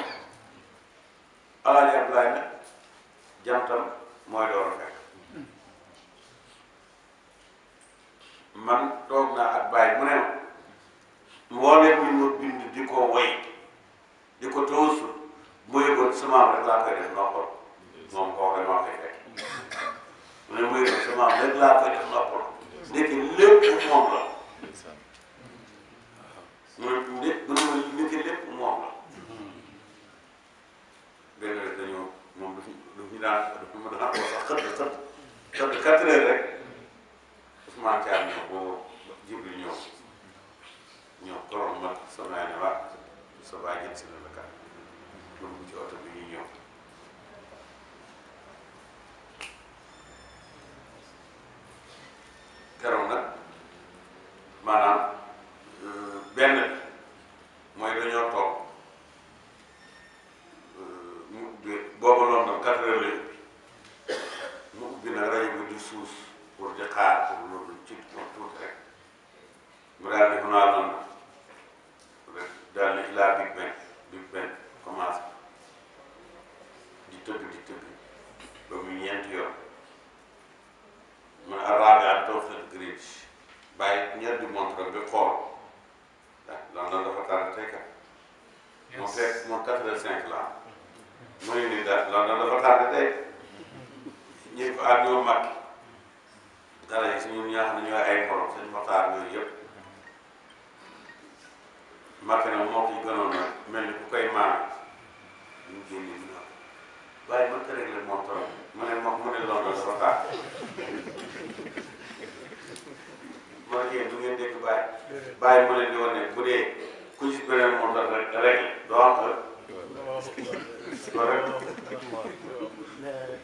S3: loolu
S7: rek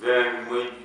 S5: beneen muy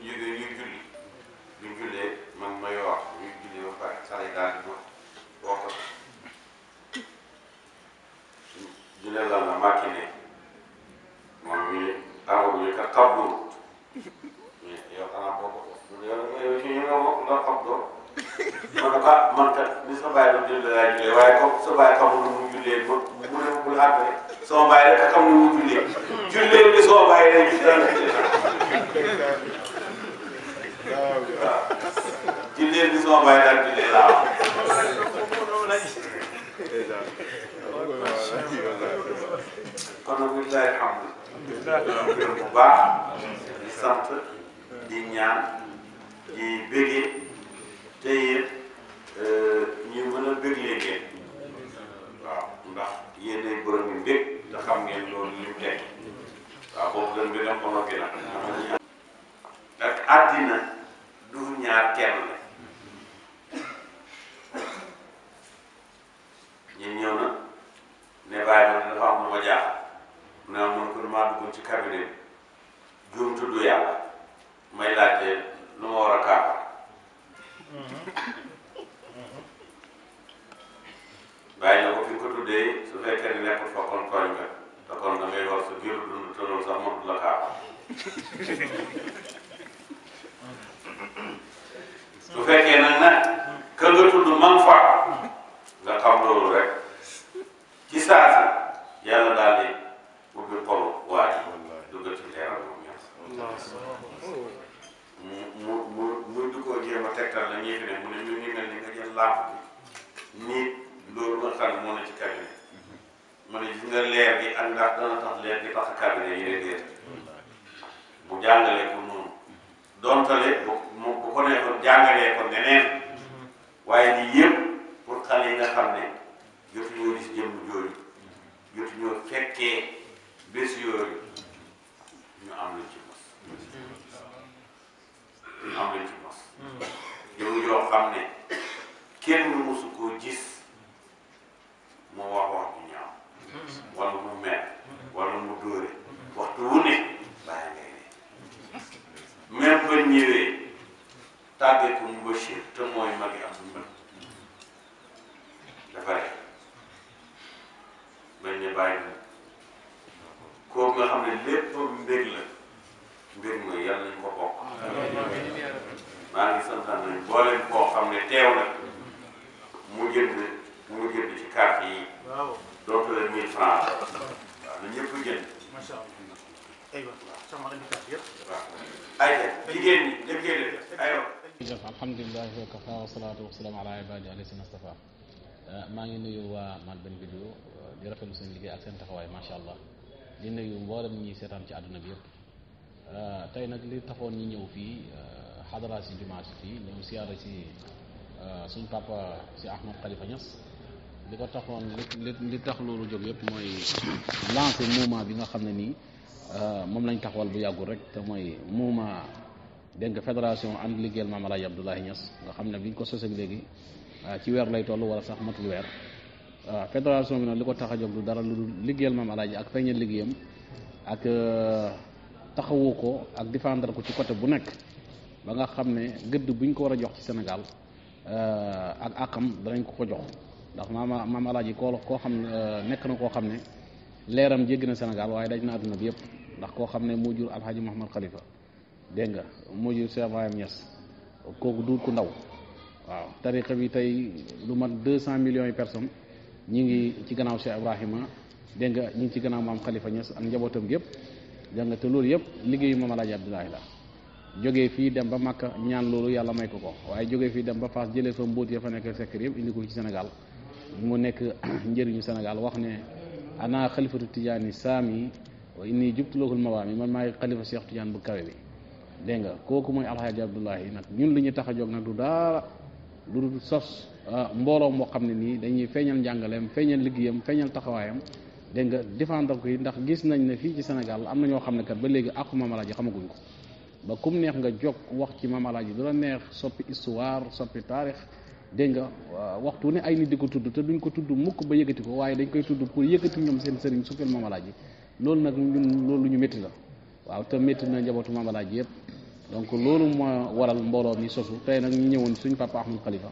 S5: ak ndax dana tax leen di parce que cabinet yi lay déet bu jàngalee ko noonu dontale bu bu ko nekkoon jàngalee ko neneen waaye lii yëpp pour xale yi nga xam ne jotuñoo gis jëmm jooju fekkee bés yooyu ñu am luñ ci mos ñu am luñ ci mos jëmm yoo xam wala mu mer wala mu dóore waxtu wu ne bàyyi ngay ne même ba ñëwee tàggeeku ñu Bachir te mooy mag yi am mbën dafa rek bañ ne bàyyi na kooku nga xam ne lépp mbég la mbég mooy yàlla nañ ko bokk maa ngi santaan nañ booleen koo xam ne teew la mu jënd mu jënd ci carte yi doo ko leen 1000 francs
S2: maa ngi nuyu waa Malbn Video euh, di seen liggéey ak seen taxawaay macha allah di nuyu mboolem ñi seetaan ci àdduna bi yëpp euh, tey nag li taxoon ñi ñëw fii euh, xadara si jumaa si fii ñëw siyaara si suñ papa si Ahmad Khalifa Niass. li ko taxoon li li tax loolu jóg yépp mooy lancer mouvement bi nga xam ne nii euh, moom lañ taxawal bu yàggul rek te mooy mouvement dégg nga fédération ànd liggéeyal maam Alaaji Abdoulaye Niass nga xam ne biñ ko sosee léegi euh, ci weer lay toll wala sax matul weer waaw euh, bi nag li ko tax a jóg du dara lu liggéeyal maam Alaaji ak feeñal liggéeyam ak taxawu ko ak défendre ko ci côté bu nekk ba nga xam ne gëdd buñ ko war a jox ci Sénégal ak àqam danañ ko ko jox. ndax maama maam alaaji koo koo xam ne euh, nekk na koo xam ne leeram jéggi na Sénégal waaye daj na àdduna bi yëpp ndax koo xam ne moo jur alxaaji Muhammad Xalifa dégg nga moo jur Cheikh Ibrahim kooku duur ku ndaw waaw tariqa bi tey lu man deux cent millions yi personnes ñi ngi ci gannaaw Cheikh Ibrahima dégg nga ñi ngi ci gannaaw maam Xalifa Niass am njabootam gi yëpp dégg nga te loolu yëpp liggéeyu maam alaaji Abdoulaye la jógee fii dem ba Makka ñaan loolu yàlla may ko ko waaye jógee fii dem ba Fass jëlee fa mbóot ya fa nekk ci Sénégal mu nekk [CLEARS THROAT] njëriñu Sénégal wax ne ana xalifatu tijaani saami wa inni jubtulookul mawaami man maay xalifa Cheikh Tidiane bu kawe bi dégg nga kooku mooy alxaaji abdullahi nag ñun li ñu tax a jóg nag du daara lu dul sos ah, mbooloo moo xam ne nii dañuy feeñal njàngaleem feeñal liggéeyam feeñal taxawaayam dégg nga défendre yi ndax gis nañ ne fii ci Sénégal am na ñoo xam ne kat ba léegi àqu Maam Alaaji xamaguñ ko ba kum neex nga jóg wax ci Maam Alaaji du la dégg nga waxtu ni ay nit di ko tudd te duñ ko tudd mukk ba yëkkati ko waaye dañ koy tudd pour yëkkati ñoom seen sëriñ suufeel Maam Alaaji loolu nag ñun loolu ñu métti la waaw te métti na njabootu Maam Alaaji yëpp donc loolu moo waral mbooloo mi sosu tey nag ñu ñëwoon suñ papa Ahmadou Khalifa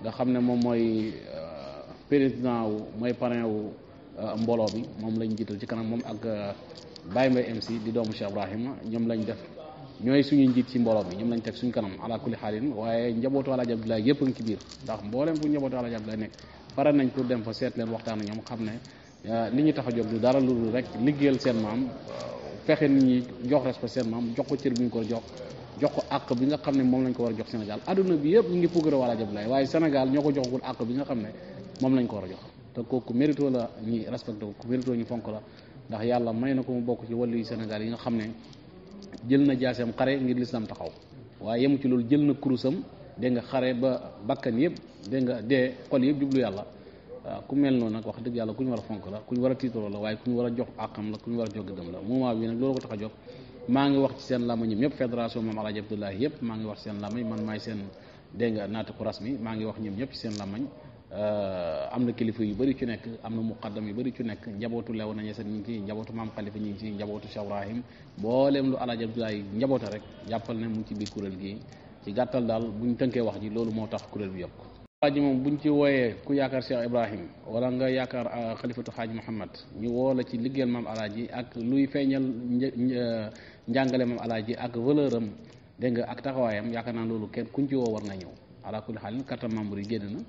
S2: nga xam ne moom mooy euh, président wu mooy parrain euh, mbooloo bi moom lañ jiital ci kanam moom ak euh, Baye Mbaye MC di doomu Cheikh Ibrahima ñoom lañ def ñooy suñu njiit ci mbooloo mi ñoom lañ teg suñ kanam ala kulli xaalin waaye njabootu Alaaji Abdoulaye yëpp a ngi ci biir ndax mboolem fu njabootu Alaaji Abdoulaye nekk pare nañ dem seet leen waxtaan ak ñoom xam ne euh, li ñu tax a jóg dara loolu rek liggéeyal seen maam euh, fexe nit ñi jox respect seen maam jox ko cër bu ñu ko jox jox ko àq bi nga xam ne moom lañ ko war a jox Sénégal adduna bi yëpp ñu ngi pukkare waa Alaaji Abdoulaye waaye ñoo ko joxagul àq bi nga xam ne moom lañ ko war a jox te kooku la ñi respecté ko ku mérito ñi fonk la ndax yàlla may na ko mu bokk ci wàllu Sénégal yi nga xam ne jël na jaaseem xare ngir lislaam taxaw waaye yemu ci loolu jël na kurusam dégg nga xare ba bakkan yëpp dégg dee xol yëpp jublu yàlla waaw ku mel noonu nag wax dëgg yàlla ku war a fonk la ku ñu war a tiitaroo la waaye ku war a jox àqam la ku war a jox gëddam la moment bi nag loolu ko tax a jox maa ngi wax ci seen làmmiñ ñoom ñëpp fédération Mame Alhaji Abdoulaye yëpp maa ngi wax ci seen làmmiñ man maay seen dégg nga naata ku rasmi maa ngi wax ñoom ñëpp ci seen làmmiñ Euh, am na kilifa yu bari ci nekk am na muqaddam yu bëri ci nekk njabootu lew na ñeseen ñu njabootu maam xalifa ñu ngi ci njabootu Cheikh Ibrahim booleem lu alaaji Abdoulaye njaboota rek jàppal ne mu ci biir kuréel gi ci gàttal daal bu buñ tënkee wax ji loolu moo tax kuréel bi yokk xaaji moom buñ ci wooyee ku yaakaar Cheikh Ibrahim wala nga yaakaar xalifatu euh, xaaji Muhammad ñu woo la ci liggéeyal maam alaaji ak luy feeñal euh, njàngale maam alaaji ak valeur am dégg ak taxawaayam yaakaar naa loolu kenn kuñ ci woo war ñëw alaa kulli xaalin carte membre yi génn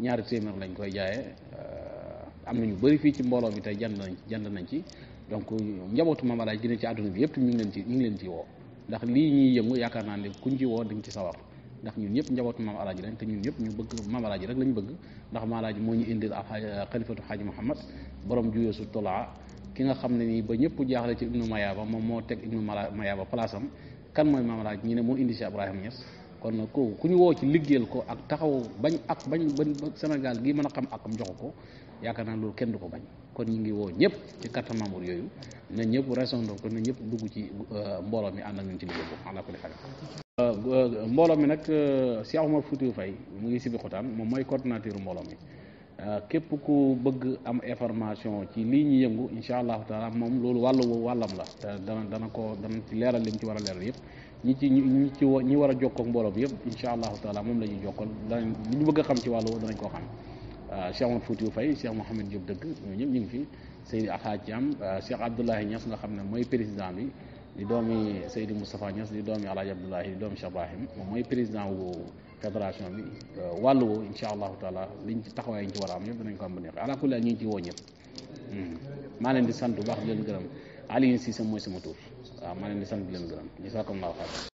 S2: ñaari téeméer lañ koy jaayee euh, am na ñu bëri fii ci mbooloo mi tey jënd nañ jënd nañ ci donc njabootu Maam Alaaji dina ci àdduna bi yëpp ñu ngi leen ci ñu ngi leen ci woo ndax lii ñuy yëngu yaakaar naa ne ku ci woo dañ ci sawar ndax ñun ñëpp njabootu Maam Alaaji lañ te ñun yëpp ñu bëgg Maam Alaaji rek lañ bëgg ndax Maam Alaaji moo ñu indil ak euh, xalifatu xaaj Muhammad borom juyee su tolaa ki nga xam ne nii ba ñëpp jaaxle ci ibnu Mayaaba moom moo teg ibnu Mayaaba place am kan mooy Maam Alaaji ñu ne moo indi si Ibrahima Niass kon nag kooku ku ñu woo ci liggéeyal ko ak taxaw bañ ak bañ bañ Sénégal gi mën a xam ak akam jox ko yaakaar naa loolu kenn du ko bañ kon ñu ngi woo ñëpp ci carte membre yooyu ne ñëpp raison ko na ñëpp dugg ci euh, mbooloo mi ànd ak ñun ci liggéey boobu euh, mbooloo mi nag euh, Cheikh Omar Foutiyou Faye mu ngi si bi moom mooy coordinateur mbooloo mi képp ku bëgg am information ci lii ñu yëngu incha allahu taala moom loolu wàll wàllam la te dana dana ko dana ci leeral li mu ci war a leeral yëpp ñi ci ñi ci ñi war a jokkoog mbooloo bi yëpp incha allahu taala moom la ñuy jokkal danañ li ñu bëgg a xam ci wàllu danañ koo xam waaw euh, Cheikh Omar dëgg ñoom ñëpp ñu ngi fi Seydi Akha Thiam euh, Cheikh Abdoulahi Niass nga xam ne mooy président bi di doomi Seydi Moustapha ñas di doomi Alaaji Abdoulahi di doomi Cheikh Ibrahim moom mooy président wu fédération bi euh, wàll woo incha allahu taala liñ ci taxawaay ñu ci war a am yëpp danañ ko am ba neex ala kulli ñu ngi ci woo ñëpp
S7: hmm. maa leen di santu bu baax di leen gërëm Alioune Cissé mooy sama tur waaw ma leen di sant di leen gërëm jazaakumullaahu xayran